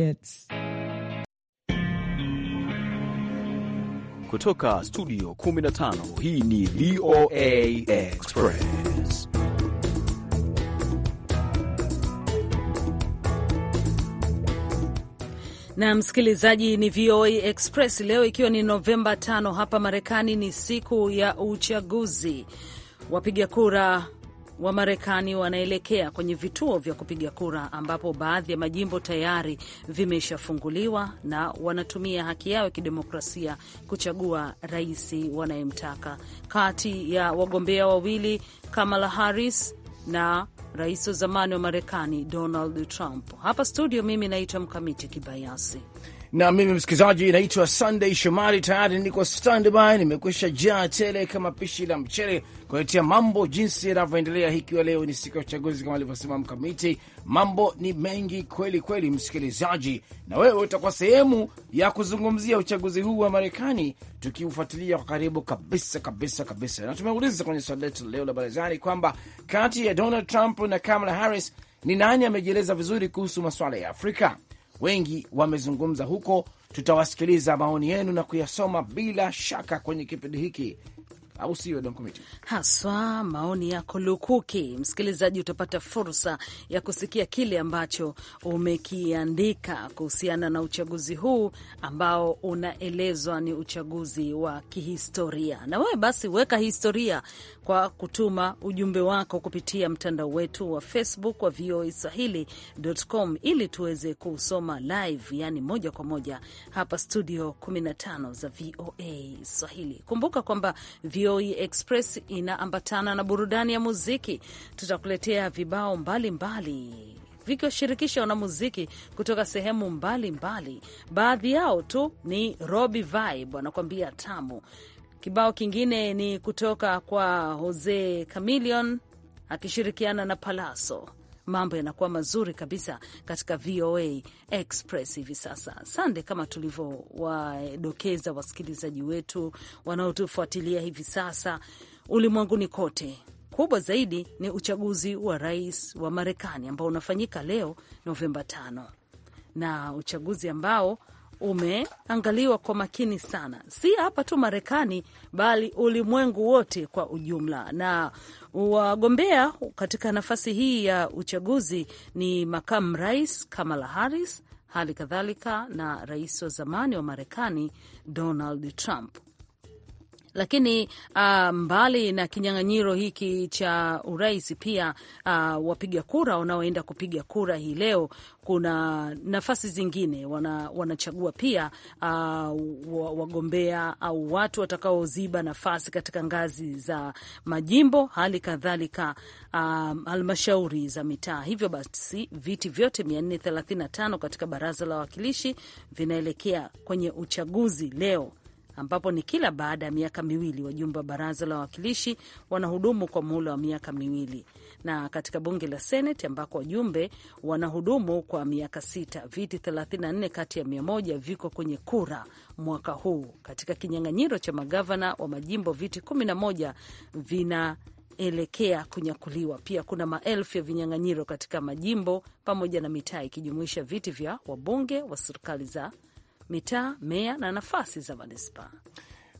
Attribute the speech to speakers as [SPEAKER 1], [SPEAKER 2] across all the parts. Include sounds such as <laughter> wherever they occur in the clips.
[SPEAKER 1] It's... Kutoka studio 15 hii ni VOA Express.
[SPEAKER 2] Na msikilizaji, ni VOA Express leo ikiwa ni Novemba 5 hapa Marekani ni siku ya uchaguzi. Wapiga kura wa Marekani wanaelekea kwenye vituo vya kupiga kura ambapo baadhi ya majimbo tayari vimeshafunguliwa na wanatumia haki yao ya kidemokrasia kuchagua rais wanayemtaka. Kati ya wagombea wawili Kamala Harris na rais wa zamani wa Marekani Donald Trump. Hapa studio, mimi naitwa Mkamiti
[SPEAKER 3] Kibayasi na mimi msikilizaji, inaitwa Sunday Shomari. Tayari niko standby, nimekwisha jaa tele kama pishi la mchele kuletea mambo jinsi yanavyoendelea, hikiwa leo ni siku ya uchaguzi kama alivyosema Mkamiti. Mambo ni mengi kweli kweli, msikilizaji, na wewe utakuwa sehemu ya kuzungumzia uchaguzi huu wa Marekani, tukiufuatilia kwa karibu kabisa kabisa kabisa. Na tumeuliza kwenye swali letu leo la barazani kwamba kati ya Donald Trump na Kamala Harris ni nani amejieleza vizuri kuhusu masuala ya Afrika wengi wamezungumza huko. Tutawasikiliza maoni yenu na kuyasoma bila shaka kwenye kipindi hiki au sio Donkomiti?
[SPEAKER 2] Haswa maoni yako lukuki, msikilizaji, utapata fursa ya kusikia kile ambacho umekiandika kuhusiana na uchaguzi huu ambao unaelezwa ni uchaguzi wa kihistoria. Na wewe basi weka historia kwa kutuma ujumbe wako kupitia mtandao wetu wa Facebook wa VOA Swahili.com ili tuweze kusoma live, yani moja kwa moja hapa studio 15 za VOA Swahili. Kumbuka kwamba VOA VOA Express inaambatana na burudani ya muziki. Tutakuletea vibao mbalimbali vikiwashirikisha wanamuziki kutoka sehemu mbalimbali mbali. Baadhi yao tu ni Robi Vibe anakuambia tamu. Kibao kingine ni kutoka kwa Jose Chameleone akishirikiana na Palaso mambo yanakuwa mazuri kabisa katika VOA Express hivi sasa. Sande, kama tulivyowadokeza wasikilizaji wetu wanaotufuatilia hivi sasa ulimwenguni kote kubwa zaidi ni uchaguzi wa rais wa Marekani ambao unafanyika leo Novemba tano, na uchaguzi ambao umeangaliwa kwa makini sana, si hapa tu Marekani bali ulimwengu wote kwa ujumla. Na wagombea katika nafasi hii ya uchaguzi ni makamu rais Kamala Harris, hali kadhalika na rais wa zamani wa Marekani Donald Trump. Lakini uh, mbali na kinyang'anyiro hiki cha urais pia uh, wapiga kura wanaoenda kupiga kura hii leo, kuna nafasi zingine wana, wanachagua pia uh, wagombea au watu watakaoziba nafasi katika ngazi za majimbo, hali kadhalika halmashauri za mitaa. Hivyo basi viti vyote 435 katika baraza la wawakilishi vinaelekea kwenye uchaguzi leo ambapo ni kila baada ya miaka miwili wajumbe wa baraza la wawakilishi wanahudumu kwa muhula wa miaka miwili, na katika bunge la Seneti ambako wajumbe wanahudumu kwa miaka sita, viti 34 kati ya 100 viko kwenye kura mwaka huu. Katika kinyang'anyiro cha magavana wa majimbo, viti 11 vina elekea kunyakuliwa. Pia kuna maelfu ya vinyang'anyiro katika majimbo pamoja na mitaa ikijumuisha viti vya wabunge wa serikali za mitaa, meya na nafasi za manispa.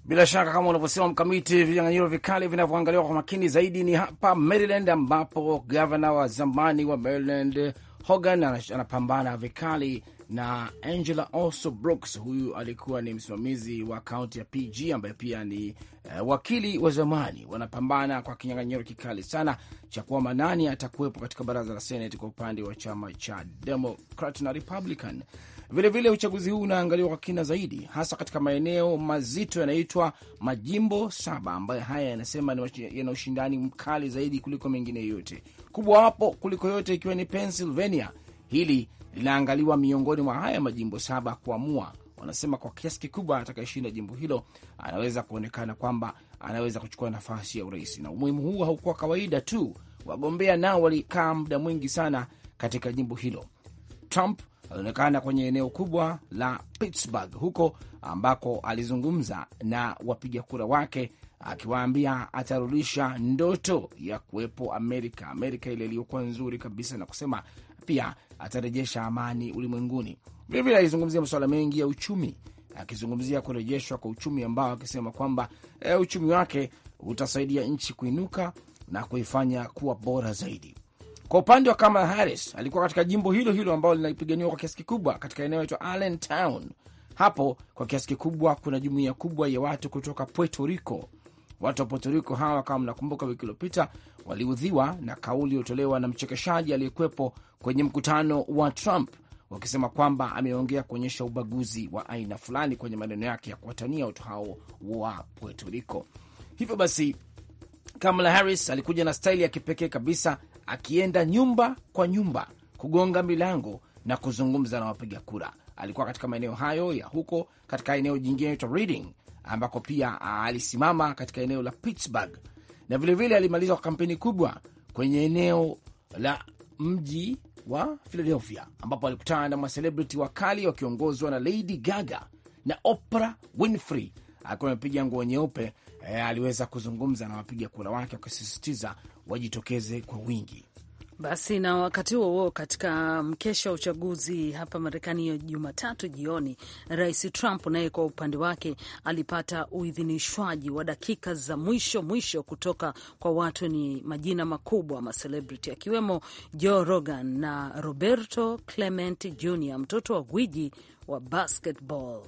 [SPEAKER 3] Bila shaka kama unavyosema Mkamiti, vinyang'anyiro vikali vinavyoangaliwa kwa makini zaidi ni hapa Maryland, ambapo gavana wa zamani wa Maryland Hogan anapambana vikali na Angela Oso Brooks. Huyu alikuwa ni msimamizi wa kaunti ya PG ambaye pia ni uh, wakili wa zamani. Wanapambana kwa kinyang'anyiro kikali sana cha kuwa nani atakuwepo katika baraza la Senate kwa upande wa chama cha Democrat na Republican. Vilevile uchaguzi huu unaangaliwa kwa kina zaidi, hasa katika maeneo mazito yanaitwa majimbo saba, ambayo haya yanasema yana ushindani mkali zaidi kuliko mengine yoyote, kubwa wapo kuliko yote, ikiwa ni Pennsylvania. Hili linaangaliwa miongoni mwa haya majimbo saba kuamua wanasema kwa kiasi kikubwa atakayeshinda jimbo hilo anaweza kuonekana kwamba anaweza kuchukua nafasi ya urais. Na umuhimu huu haukuwa kawaida tu, wagombea nao walikaa muda mwingi sana katika jimbo hilo. Trump alionekana kwenye eneo kubwa la Pittsburgh huko ambako alizungumza na wapiga kura wake akiwaambia atarudisha ndoto ya kuwepo Amerika, Amerika ile iliyokuwa nzuri kabisa, na kusema pia atarejesha amani ulimwenguni. Vilevile alizungumzia masuala mengi ya uchumi, akizungumzia kurejeshwa kwa uchumi ambao akisema kwamba e, uchumi wake utasaidia nchi kuinuka na kuifanya kuwa bora zaidi. Kwa upande wa Kamala Harris, alikuwa katika jimbo hilo hilo ambalo linapiganiwa kwa kiasi kikubwa katika eneo laitwa Allentown. Hapo kwa kiasi kikubwa kuna jumuiya kubwa ya watu kutoka Puerto Rico. Watu wa Puerto Rico hawa, kama mnakumbuka, wiki iliyopita waliudhiwa na kauli iliyotolewa na mchekeshaji aliyekuwepo kwenye mkutano wa Trump, wakisema kwamba ameongea kuonyesha ubaguzi wa aina fulani kwenye maneno yake ya kuwatania watu hao wa Puerto Rico. Hivyo basi Kamala Harris alikuja na staili ya kipekee kabisa akienda nyumba kwa nyumba kugonga milango na kuzungumza na wapiga kura. Alikuwa katika maeneo hayo ya huko, katika eneo jingine inaitwa Reading ambako pia alisimama katika eneo la Pittsburgh, na vilevile alimaliza kwa kampeni kubwa kwenye eneo la mji wa Philadelphia ambapo alikutana na maselebriti wakali wakiongozwa na Lady Gaga na Oprah Winfrey akiwa amepiga nguo nyeupe e, aliweza kuzungumza na wapiga kura wake wakisisitiza wajitokeze kwa wingi.
[SPEAKER 2] Basi na wakati huo huo, katika mkesha wa uchaguzi hapa Marekani hiyo Jumatatu jioni, Rais Trump naye kwa upande wake alipata uidhinishwaji wa dakika za mwisho mwisho kutoka kwa watu ni majina makubwa macelebrity, akiwemo Joe Rogan na Roberto Clemente Jr, mtoto wa gwiji wa basketball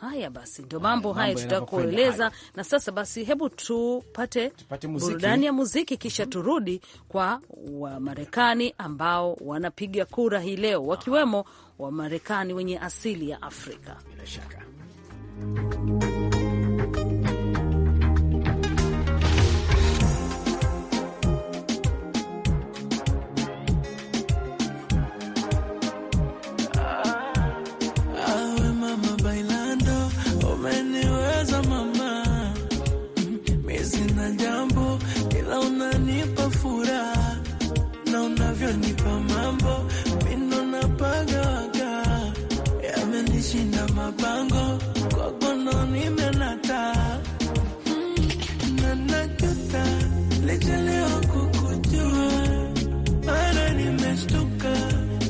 [SPEAKER 2] Haya basi, ndio mambo haya tutakueleza. Na sasa basi, hebu tupate burudani ya muziki, kisha turudi kwa Wamarekani ambao wanapiga kura hii leo, wakiwemo Wamarekani wenye asili ya Afrika bila shaka.
[SPEAKER 4] nilichelewa kukujua, mara nimeshtuka,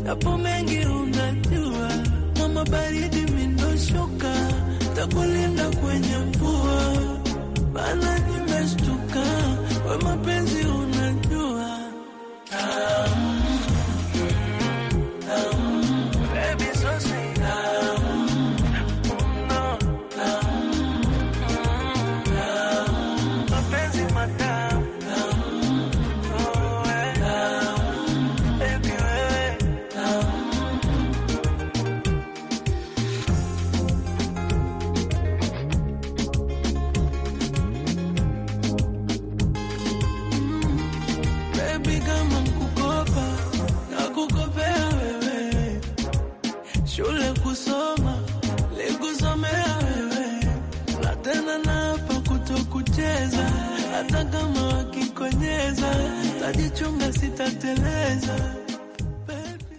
[SPEAKER 4] yapo mengi unajua, mama baridi mindoshuka takulinda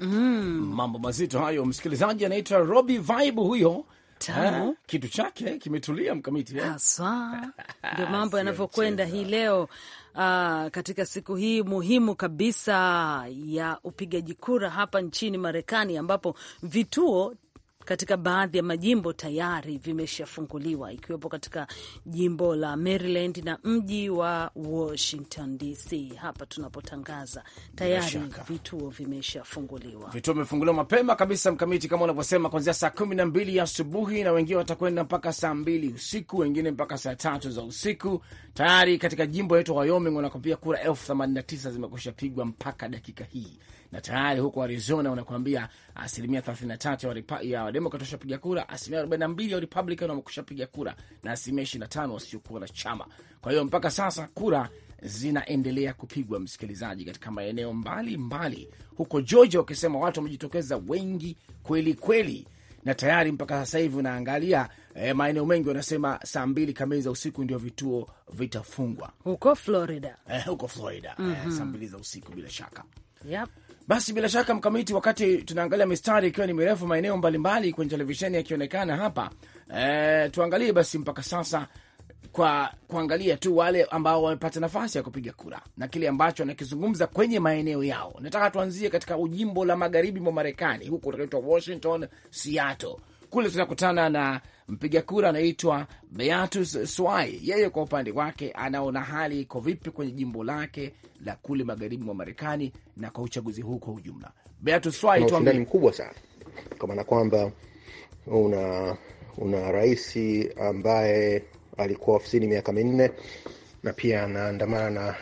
[SPEAKER 3] mm. Mambo mazito hayo, msikilizaji. Anaitwa Robi Vibe huyo Ha, eh, kitu chake kimetulia mkamiti eh? haswa
[SPEAKER 4] <laughs>
[SPEAKER 2] ndio mambo yanavyokwenda hii leo. Uh, katika siku hii muhimu kabisa ya upigaji kura hapa nchini Marekani ambapo vituo katika baadhi ya majimbo tayari vimeshafunguliwa ikiwepo katika jimbo la Maryland na mji wa Washington DC. Hapa tunapotangaza tayari vituo vimeshafunguliwa,
[SPEAKER 3] vituo vimefunguliwa mapema kabisa, Mkamiti, kama unavyosema, kuanzia saa kumi na mbili asubuhi na wengine watakwenda mpaka saa mbili usiku, wengine mpaka saa tatu za usiku. Tayari katika jimbo letu Wyoming wanakopia kura elfu themanini na tisa zimekusha pigwa mpaka dakika hii na tayari huko Arizona wanakuambia asilimia 33 ya Wademokrat washapiga kura, asilimia 42 ya Republican wamekusha piga kura na asilimia 25 wasiokuwa na chama. Kwa hiyo mpaka sasa kura zinaendelea kupigwa, msikilizaji, katika maeneo mbalimbali huko Georgia, wakisema watu wamejitokeza wengi kweli kweli na tayari mpaka sasa hivi unaangalia E, maeneo mengi wanasema saa mbili kamili za usiku ndio vituo vitafungwa huko Florida, e, huko Florida mm -hmm. E, saa mbili za usiku bila shaka yep. Basi bila shaka mkamiti, wakati tunaangalia mistari ikiwa ni mirefu maeneo mbalimbali kwenye televisheni yakionekana hapa, e, tuangalie basi mpaka sasa kwa kuangalia tu wale ambao wamepata nafasi ya kupiga kura na kile ambacho anakizungumza kwenye maeneo yao. Nataka tuanzie katika jimbo la magharibi mwa Marekani, huku unaitwa Washington, Seattle. Kule tunakutana na mpiga kura anaitwa Beatus Swai. Yeye kwa upande wake anaona hali iko vipi kwenye jimbo lake la kule magharibi mwa Marekani na kwa uchaguzi huu kwa ujumla. Beatus Swai,
[SPEAKER 1] mkubwa sana kwa maana kwamba una una rais ambaye alikuwa ofisini miaka minne na pia anaandamana na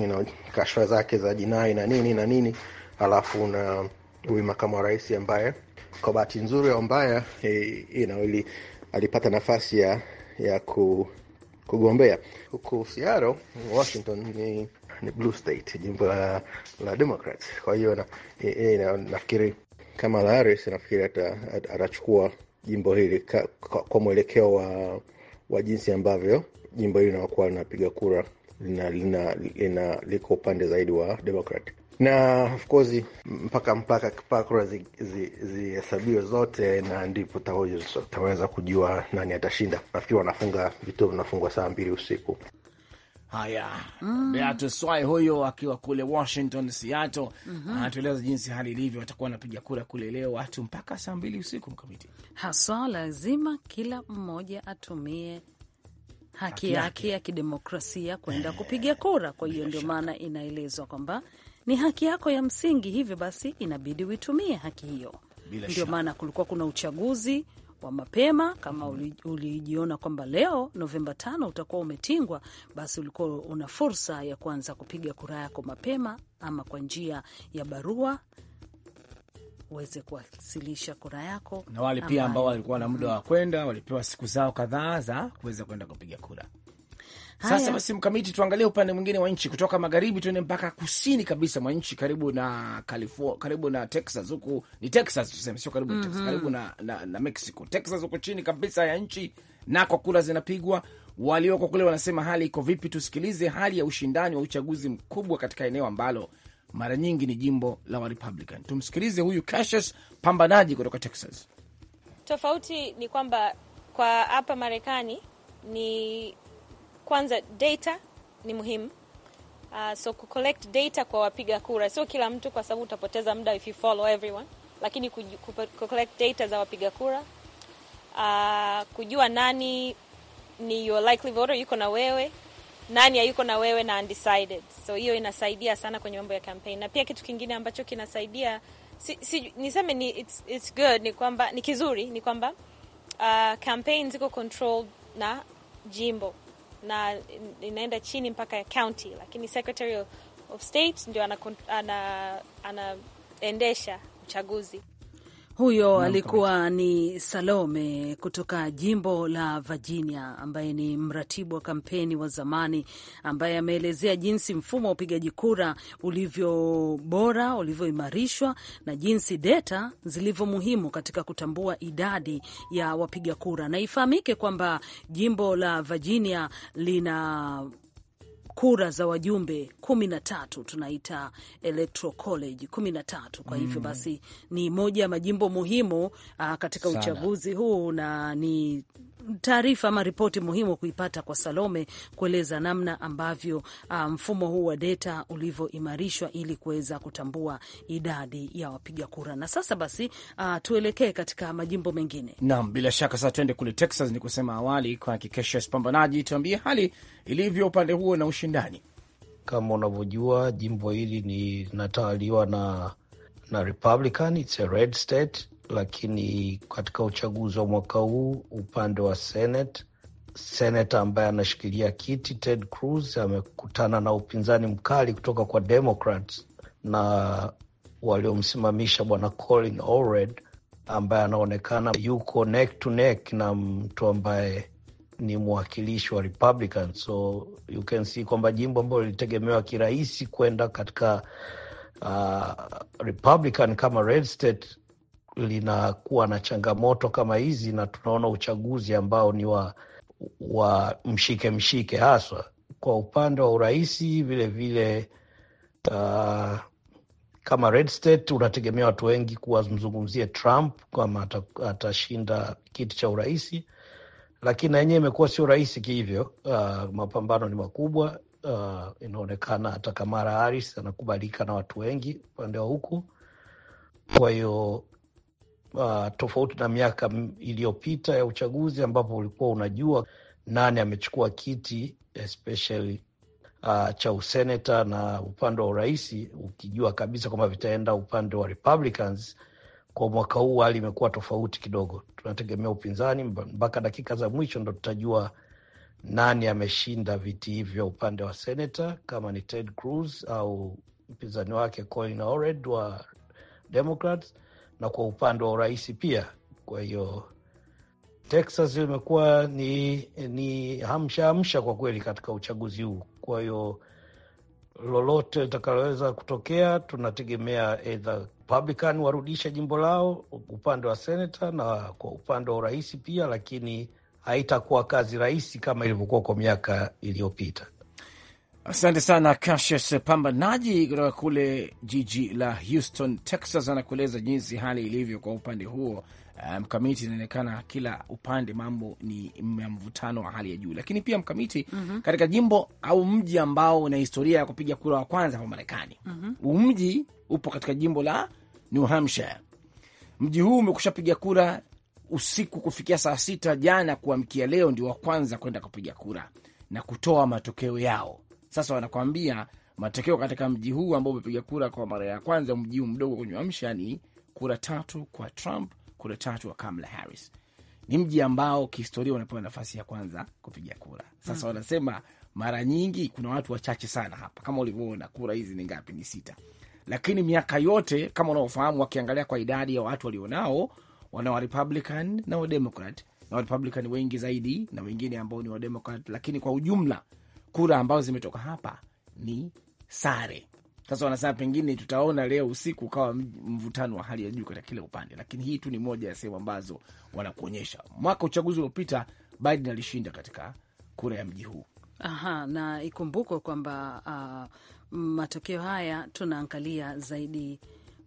[SPEAKER 1] you know, kashfa zake za jinai na nini na nini, alafu na huyu makamu wa rais ambaye kwa bahati nzuri au mbaya, you know, ili, alipata nafasi ya, ya ku, kugombea huku. Seattle Washington ni, ni blue state, jimbo la, la Democrats. Kwa hiyo na, e, na, nafikiri kama Harris nafikiri atachukua jimbo hili ka, kwa, kwa mwelekeo wa, wa jinsi ambavyo jimbo hili linakuwa linapiga kura lina, lina, lina, liko upande zaidi wa Democratic na of course mpaka mpaka kura zihesabiwe zi, zi zote, na ndipo tutaweza kujua nani atashinda. Nafikiri wanafunga vituo vinafungwa saa mbili usiku.
[SPEAKER 3] Haya, mm. Beatus Swai huyo akiwa kule Washington Seattle mhm. anatueleza mm -hmm. jinsi hali ilivyo. Watakuwa wanapiga kura kule leo watu mpaka saa mbili usiku mkamiti
[SPEAKER 2] haswa. Lazima kila mmoja atumie haki yake ya kidemokrasia kwenda kupiga kura. Kwa hiyo ndio maana inaelezwa kwamba ni haki yako ya msingi, hivyo basi inabidi uitumie haki hiyo. Ndio maana kulikuwa kuna uchaguzi wa mapema kama mm. ulijiona kwamba leo Novemba tano utakuwa umetingwa, basi ulikuwa una fursa ya kuanza kupiga kura yako mapema, ama kwa njia ya barua uweze kuwasilisha kura yako. Na wale pia ambao walikuwa
[SPEAKER 3] na muda wa kwenda walipewa siku zao kadhaa za kuweza kwenda kupiga kura. Sasa basi, mkamiti, tuangalie upande mwingine wa nchi, kutoka magharibi tuende mpaka kusini kabisa mwa nchi, karibu na California, karibu na Texas. Huku ni Texas tuseme, sio karibu mm -hmm. Texas, mhm. karibu na, na, na Mexico. Texas huko chini kabisa ya nchi, nako kura zinapigwa. Walioko kule wanasema hali iko vipi? Tusikilize hali ya ushindani wa uchaguzi mkubwa katika eneo ambalo mara nyingi ni jimbo la Warepublican. Tumsikilize huyu Cassius pambanaji kutoka Texas.
[SPEAKER 2] Tofauti ni kwamba kwa hapa Marekani ni kwanza data ni muhimu. Uh, so ku collect data kwa wapiga kura, sio kila mtu, kwa sababu utapoteza muda if you follow everyone, lakini ku collect data za wapiga kura uh, kujua nani ni your likely voter, yuko na wewe, nani hayuko na wewe na undecided. So hiyo inasaidia sana kwenye mambo ya campaign, na pia kitu kingine ambacho kinasaidia si, si, niseme ni it's, it's good ni kwamba ni kizuri ni kwamba uh, campaign ziko controlled na jimbo na inaenda chini mpaka ya county, lakini secretary of state ndio anaendesha ana, ana uchaguzi. Huyo alikuwa ni Salome kutoka jimbo la Virginia, ambaye ni mratibu wa kampeni wa zamani, ambaye ameelezea jinsi mfumo wa upigaji kura ulivyo bora, ulivyoimarishwa na jinsi data zilivyo muhimu katika kutambua idadi ya wapiga kura. Na ifahamike kwamba jimbo la Virginia lina kura za wajumbe kumi na tatu tunaita electoral college kumi na tatu. Kwa hivyo mm. basi ni moja ya majimbo muhimu uh, katika Sana. uchaguzi huu na ni taarifa ama ripoti muhimu kuipata kwa Salome kueleza namna ambavyo uh, mfumo huu wa data ulivyoimarishwa ili kuweza kutambua idadi ya wapiga kura. Na sasa basi, uh, tuelekee katika majimbo
[SPEAKER 3] mengine. Naam, bila shaka sasa tuende kule Texas. Ni kusema awali kwa kikesha spambanaji, tuambie hali
[SPEAKER 1] ilivyo upande huo na ushindani. Kama unavyojua jimbo hili ni linatawaliwa na na Republican, it's a red state lakini katika uchaguzi wa mwaka huu upande wa Senate, senata ambaye anashikilia kiti Ted Cruz amekutana na upinzani mkali kutoka kwa Democrats na waliomsimamisha bwana Colin Allred ambaye anaonekana yuko neck to neck na mtu ambaye ni mwakilishi wa Republican. So you can see kwamba jimbo ambalo lilitegemewa kirahisi kwenda katika uh, Republican kama red state linakuwa na changamoto kama hizi, na tunaona uchaguzi ambao ni wa, wa mshike mshike haswa kwa upande wa urahisi vilevile uh, kama red state unategemea watu wengi kuwamzungumzie Trump kama atashinda kiti cha urahisi lakini na yenyewe imekuwa sio rahisi kihivyo. Uh, mapambano ni makubwa. Uh, inaonekana hata Kamala Harris anakubalika na watu wengi upande wa huku, kwa hiyo uh, tofauti na miaka iliyopita ya uchaguzi ambapo ulikuwa unajua nani amechukua kiti especially uh, cha useneta na upande wa urais, ukijua kabisa kwamba vitaenda upande wa Republicans. Kwa mwaka huu hali imekuwa tofauti kidogo, tunategemea upinzani mpaka dakika za mwisho ndo tutajua nani ameshinda viti hivyo upande wa seneta, kama ni Ted Cruz au mpinzani wake Colin Ored wa Democrats na kwa upande wa urais pia. Kwa hiyo Texas imekuwa ni, ni hamsha hamsha kwa kweli katika uchaguzi huu. Kwa hiyo lolote litakaloweza kutokea, tunategemea either Republican warudishe jimbo lao upande wa senata na kwa upande wa urais pia, lakini haitakuwa kazi rahisi kama ilivyokuwa kwa miaka iliyopita. Asante sana Cassius Pambanaji kutoka kule
[SPEAKER 3] jiji la Houston, Texas, anakueleza jinsi hali ilivyo kwa upande huo. Uh, mkamiti, um, inaonekana kila upande mambo ni mvutano wa hali ya juu, lakini pia mkamiti, mm -hmm. katika jimbo au mji ambao una historia ya kupiga kura wa kwanza hapa Marekani, mm -hmm. mji upo katika jimbo la New Hampshire. Mji huu umekusha piga kura usiku kufikia saa sita jana kuamkia leo, ndio wa kwanza kwenda kupiga kura na kutoa matokeo yao sasa wanakwambia matokeo katika mji huu ambao umepiga kura kwa mara ya kwanza, mji huu mdogo kwenye amsha ni kura tatu kwa Trump, kura tatu kwa Kamala Harris. Ni mji ambao kihistoria unapewa nafasi ya kwanza kupiga kura. Sasa hmm. wanasema mara nyingi kuna watu wachache sana hapa, kama ulivyoona kura hizi ni ngapi? Ni sita. Lakini miaka yote kama unaofahamu, wakiangalia kwa idadi ya watu walionao, wana Warepublican na Wademokrat na Warepublican wengi zaidi na wengine ambao ni Wademokrat, lakini kwa ujumla kura ambazo zimetoka hapa ni sare. Sasa wanasema pengine tutaona leo usiku ukawa mvutano wa hali ya juu katika kila upande, lakini hii tu ni moja ya sehemu ambazo wanakuonyesha. Mwaka uchaguzi uliopita Biden alishinda katika kura ya mji huu.
[SPEAKER 2] Aha, na ikumbukwe kwamba uh, matokeo haya tunaangalia zaidi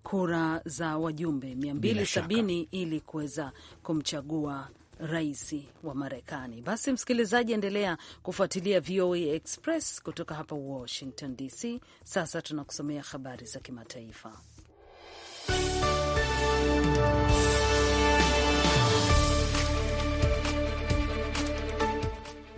[SPEAKER 2] kura za wajumbe 270 ili kuweza kumchagua rais wa Marekani. Basi msikilizaji, endelea kufuatilia VOA Express kutoka hapa Washington DC. Sasa tunakusomea habari za kimataifa.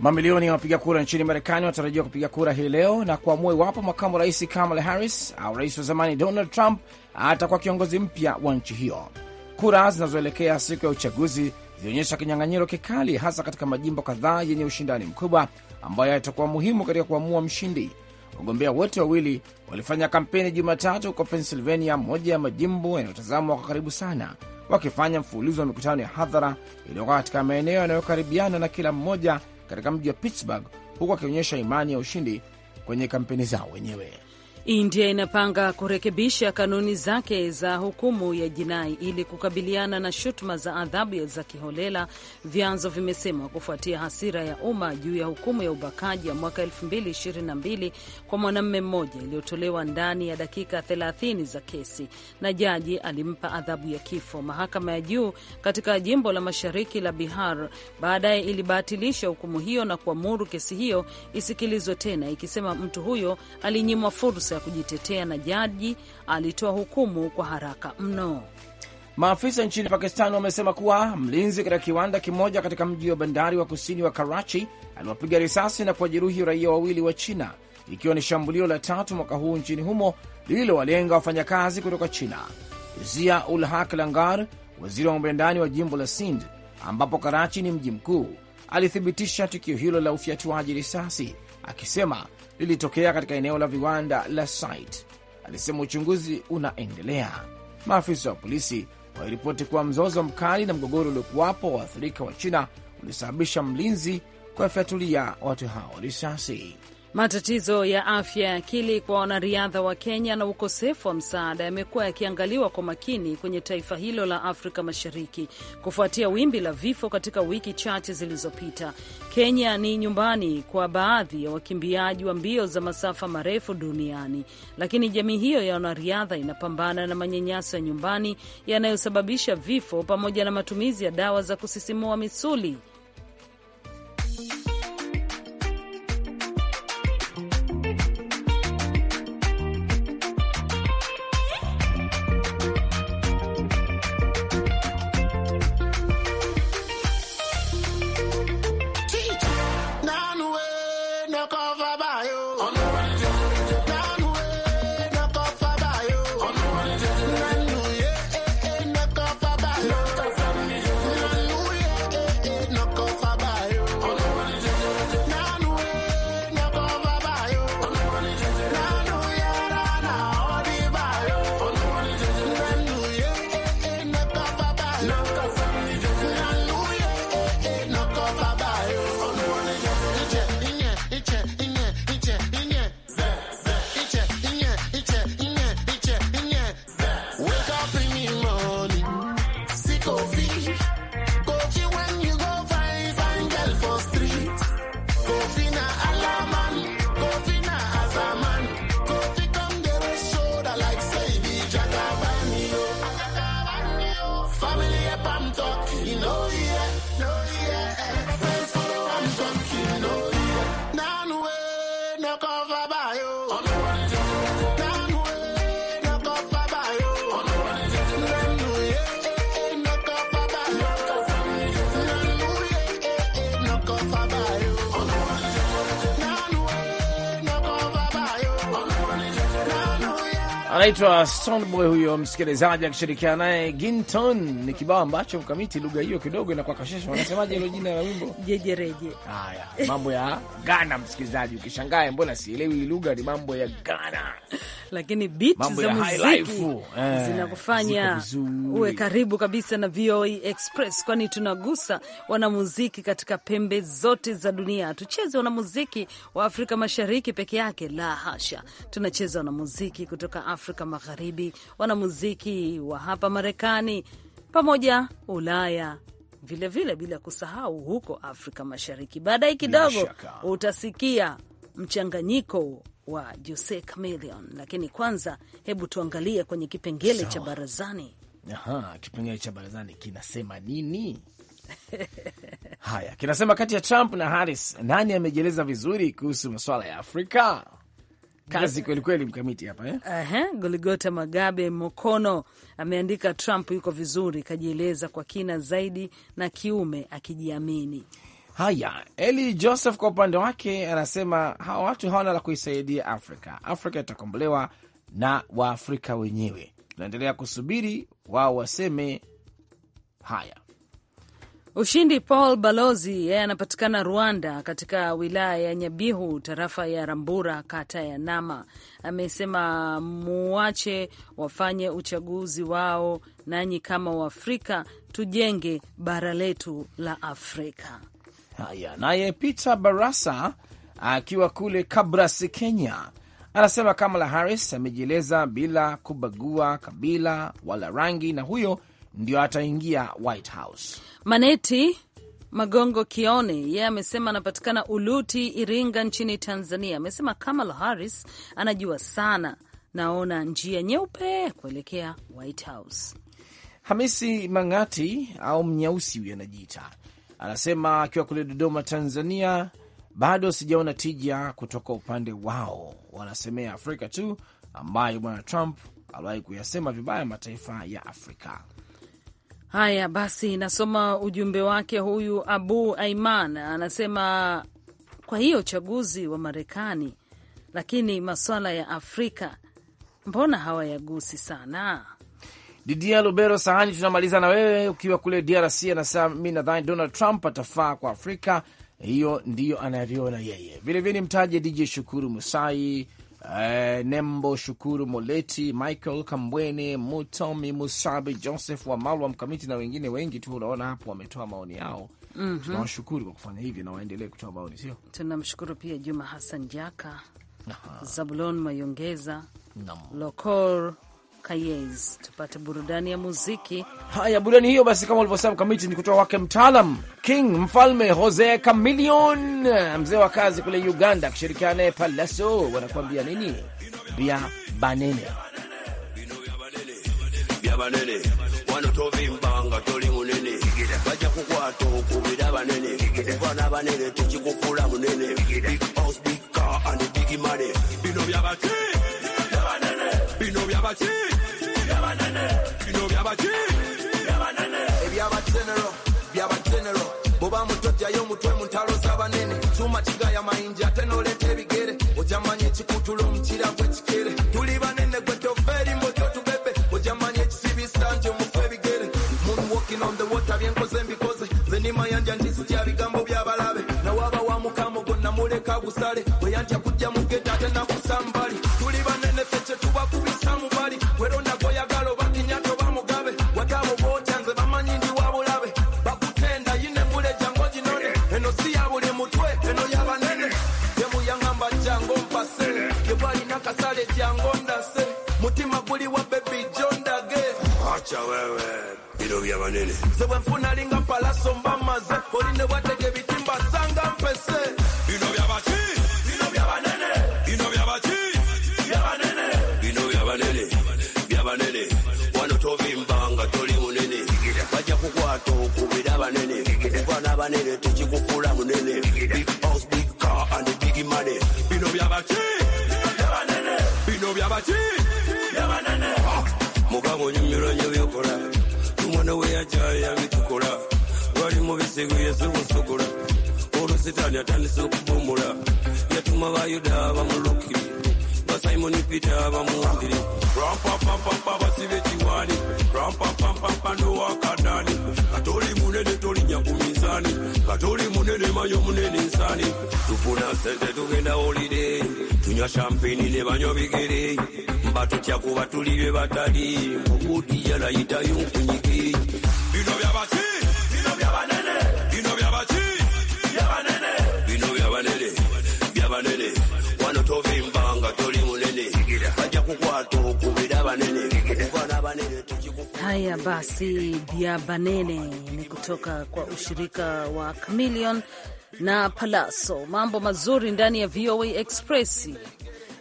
[SPEAKER 3] Mamilioni ya wapiga kura nchini Marekani wanatarajiwa kupiga kura hii leo na kuamua iwapo makamu rais Kamala Harris au rais wa zamani Donald Trump atakuwa kiongozi mpya wa nchi hiyo. Kura zinazoelekea siku ya uchaguzi zilionyesha kinyang'anyiro kikali, hasa katika majimbo kadhaa yenye ushindani mkubwa ambayo yatakuwa muhimu katika kuamua mshindi. Wagombea wote wawili walifanya kampeni Jumatatu kwa Pennsylvania, moja ya majimbo yanayotazamwa kwa karibu sana, wakifanya mfululizo wa mikutano ya hadhara iliyokuwa katika maeneo yanayokaribiana na kila mmoja katika mji wa Pittsburgh, huku wakionyesha imani ya ushindi kwenye kampeni zao wenyewe.
[SPEAKER 2] India inapanga kurekebisha kanuni zake za hukumu ya jinai ili kukabiliana na shutuma za adhabu za kiholela, vyanzo vimesema, kufuatia hasira ya umma juu ya hukumu ya ubakaji ya mwaka 2022 kwa mwanamume mmoja iliyotolewa ndani ya dakika 30 za kesi, na jaji alimpa adhabu ya kifo. Mahakama ya juu katika jimbo la mashariki la Bihar baadaye ilibatilisha hukumu hiyo na kuamuru kesi hiyo isikilizwe tena, ikisema mtu huyo alinyimwa fursa ya kujitetea na jaji alitoa hukumu kwa haraka
[SPEAKER 3] mno. Maafisa nchini Pakistan wamesema kuwa mlinzi katika kiwanda kimoja katika mji wa bandari wa kusini wa Karachi aliwapiga risasi na kuwajeruhi raia wawili wa China, ikiwa ni shambulio la tatu mwaka huu nchini humo lililowalenga wafanyakazi kutoka China. Zia ul Haq Langar, waziri wa mambo ya ndani wa jimbo la Sind ambapo Karachi ni mji mkuu, alithibitisha tukio hilo la ufyatuaji risasi akisema lilitokea katika eneo la viwanda la Site. Alisema uchunguzi unaendelea. Maafisa wa polisi waliripoti kuwa mzozo mkali na mgogoro uliokuwapo waathirika wa China ulisababisha mlinzi kuwafyatulia watu hao risasi.
[SPEAKER 2] Matatizo ya afya ya akili kwa wanariadha wa Kenya na ukosefu wa msaada yamekuwa yakiangaliwa kwa makini kwenye taifa hilo la Afrika Mashariki kufuatia wimbi la vifo katika wiki chache zilizopita. Kenya ni nyumbani kwa baadhi ya wakimbiaji wa mbio za masafa marefu duniani, lakini jamii hiyo ya wanariadha inapambana na manyanyaso ya nyumbani yanayosababisha vifo pamoja na matumizi ya dawa za kusisimua misuli
[SPEAKER 3] anaitwa Stoneboy huyo msikilizaji, akishirikiana naye Ginton. Ni kibao ambacho mkamiti lugha hiyo kidogo inakuwa kashesha. Wanasemaje hilo jina la wimbo? Jejereje. Haya, mambo ya Ghana, msikilizaji, ukishangaa mbona sielewi lugha, ni mambo ya Ghana
[SPEAKER 2] lakini beat za muziki eh, zinakufanya uwe karibu kabisa na VOA Express, kwani tunagusa wanamuziki katika pembe zote za dunia. Tucheze wanamuziki wa Afrika Mashariki peke yake? La hasha, tunacheza wanamuziki kutoka Afrika Afrika Magharibi, wanamuziki wa hapa Marekani pamoja Ulaya vilevile vile, bila kusahau huko Afrika Mashariki. Baadaye kidogo utasikia mchanganyiko wa Jose Chameleone, lakini kwanza, hebu tuangalie kwenye kipengele so, cha barazani.
[SPEAKER 3] Aha, kipengele cha barazani kinasema nini?
[SPEAKER 2] <laughs>
[SPEAKER 3] Haya, kinasema kati ya Trump na Harris, nani amejieleza vizuri kuhusu masuala ya Afrika? kazi kwelikweli mkamiti hapa eh? Uh, Goligota
[SPEAKER 2] Magabe Mokono ameandika Trump yuko vizuri, kajieleza kwa kina zaidi na kiume akijiamini.
[SPEAKER 3] Haya, Eli Joseph kwa upande wake anasema hawa watu hawana la kuisaidia Afrika. Afrika itakombolewa na Waafrika wenyewe, tunaendelea kusubiri wao waseme haya.
[SPEAKER 2] Ushindi Paul Balozi yeye anapatikana Rwanda, katika wilaya ya Nyabihu, tarafa ya Rambura, kata ya Nama, amesema muwache wafanye uchaguzi wao, nanyi kama Waafrika tujenge bara letu la Afrika.
[SPEAKER 3] Haya, naye Peter Barasa akiwa kule Kabras, Kenya, anasema Kamala Harris amejieleza bila kubagua kabila wala rangi, na huyo ndio ataingia White House.
[SPEAKER 2] Maneti Magongo Kione yeye yeah, amesema anapatikana Uluti, Iringa nchini Tanzania. Amesema Kamala Harris anajua sana, naona njia nyeupe
[SPEAKER 3] kuelekea White House. Hamisi Mangati au Mnyausi huyo anajiita, anasema akiwa kule Dodoma, Tanzania, bado sijaona tija kutoka upande wao, wanasemea Afrika tu ambayo bwana Trump aliwahi kuyasema vibaya mataifa ya Afrika.
[SPEAKER 2] Haya basi, nasoma ujumbe wake huyu Abu Aiman anasema, kwa hiyo uchaguzi wa Marekani, lakini maswala ya Afrika mbona hawayagusi
[SPEAKER 3] sana? Didia Lubero Sahani, tunamaliza na wewe ukiwa kule DRC. Anasema mi nadhani Donald Trump atafaa kwa Afrika, hiyo ndiyo anavyoona yeye. Vilevile mtaje DJ Shukuru Musai uh, Nembo Shukuru Moleti, Michael Kambwene, Mutomi Musabi, Joseph wa Mkamiti na wengine wengi tu, unaona hapo wametoa maoni yao.
[SPEAKER 2] Mm -hmm. Tunawashukuru
[SPEAKER 3] kwa kufanya hivyo na waendelee kutoa maoni, sio? Tunamshukuru pia
[SPEAKER 2] Juma Hassan Jaka, Zabulon Mayongeza, Lokor Kayez. Tupate burudani ya muziki.
[SPEAKER 3] Haya, burudani hiyo basi, kama ulivyosema mkamiti, ni kutoka kwake mtaalam King mfalme Jose Camilion, mzee wa kazi kule Uganda, akishirikiana naye Palaso. Wanakuambia nini? Bia banene
[SPEAKER 5] bya banene bino byabaki byabanene bino byabaki byabanene ebyaba eh, general byaba general boba mutojjayo mutwe muntalo zabanene tuma kiga ya mayinji ate noleeta ebigere ojamanya ekikutula omukira gwekikere tuli banene gwe tova erimbo gyotugebe ojamanya ekisibisa nti omufu ebigere moon walking on the water byenkoze mbikoze nze nimayanja ntisitya bigambo byabalabe nawe aba wa mukamo gonna muleka gusale So when funaling twali mu bisigo yesu olwo sitaani atandise okubumula yatuma bayuda bamulukire basimoni peter bamuwandire rampapapapa basibe ekiwaani rampapapapa nowakadaani katoli munene tolinnya ku mizaani katoli munene manya omunene ensaani tufuna sente tugenda olire tunywa shampini ne banywa bigere mbatutya kuba tuli be batali okudiyanayitayo nkunyika
[SPEAKER 2] Haya basi, bia banene ni kutoka kwa ushirika wa Chameleon na Palaso. Mambo mazuri ndani ya
[SPEAKER 3] VOA Express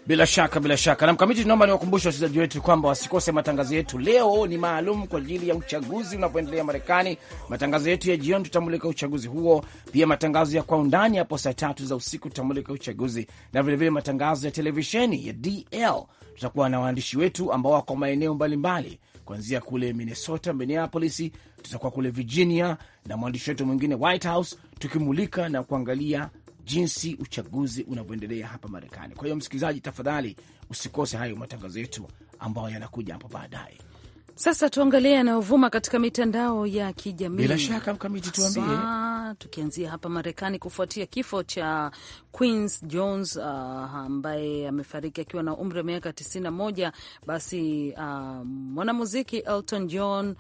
[SPEAKER 3] bila shaka, bila shaka. Na mkamiti, tunaomba niwakumbushe wachezaji wetu kwamba wasikose matangazo yetu. Leo ni maalum kwa ajili ya uchaguzi unavyoendelea Marekani. Matangazo yetu ya jioni tutamulika uchaguzi huo, pia matangazo ya kwa undani hapo saa tatu za usiku tutamulika uchaguzi, na vilevile matangazo ya televisheni ya DL tutakuwa na waandishi wetu ambao wako maeneo mbalimbali kuanzia kule Minnesota, Minneapolis, tutakuwa kule Virginia na mwandishi wetu mwingine White House, tukimulika na kuangalia jinsi uchaguzi unavyoendelea hapa Marekani. Kwa hiyo, msikilizaji, tafadhali usikose hayo matangazo yetu ambayo yanakuja hapo baadaye.
[SPEAKER 2] Sasa tuangalie yanayovuma katika mitandao ya kijamii. Bila shaka Mkamiti, tuambie, tukianzia hapa Marekani kufuatia kifo cha Quincy Jones uh, ambaye amefariki akiwa na umri wa miaka 91. Basi uh, mwanamuziki Elton John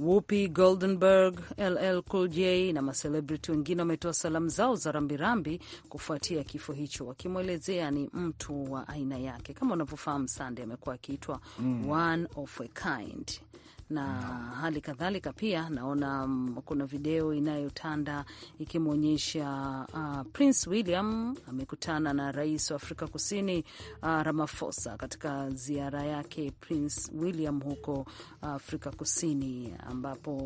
[SPEAKER 2] Whoopi Goldenberg, LL Cool J na maselebriti wengine wametoa salamu zao za rambirambi kufuatia kifo hicho, wakimwelezea ni mtu wa aina yake. Kama unavyofahamu, Sande amekuwa akiitwa
[SPEAKER 4] mm. one
[SPEAKER 2] of a kind na hali kadhalika pia naona um, kuna video inayotanda ikimwonyesha uh, Prince William amekutana na rais wa Afrika Kusini uh, Ramaphosa katika ziara yake Prince William huko uh, Afrika Kusini, ambapo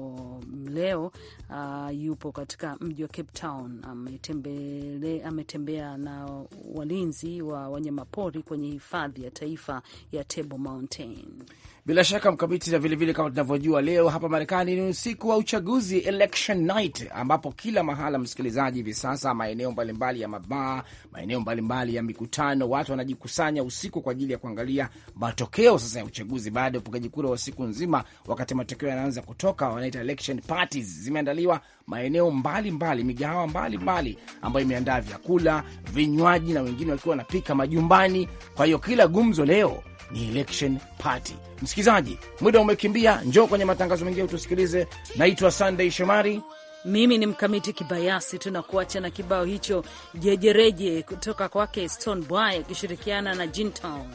[SPEAKER 2] mm, leo uh, yupo katika mji wa Cape Town. Ametembele, ametembea na walinzi wa wanyamapori kwenye hifadhi ya taifa ya Table Mountain.
[SPEAKER 3] Bila shaka mkamiti, na vilevile kama tunavyojua leo hapa Marekani ni usiku wa uchaguzi, election night, ambapo kila mahala, msikilizaji, hivi sasa maeneo mbalimbali ya mabaa, maeneo mbalimbali ya mikutano, watu wanajikusanya usiku kwa ajili ya kuangalia matokeo sasa ya uchaguzi baada ya upigaji kura wa siku nzima. Wakati matokeo yanaanza kutoka, wanaita election parties, zimeandaliwa maeneo mbalimbali, migahawa mbalimbali ambayo imeandaa vyakula, vinywaji na wengine wakiwa wanapika majumbani. Kwa hiyo kila gumzo leo ni election party. Msikilizaji, muda umekimbia, njoo kwenye matangazo mengine utusikilize. Naitwa Sunday Shomari. Mimi
[SPEAKER 2] ni mkamiti kibayasi. Tunakuacha na kibao hicho jejereje kutoka kwake Stone Boy akishirikiana na Jintown.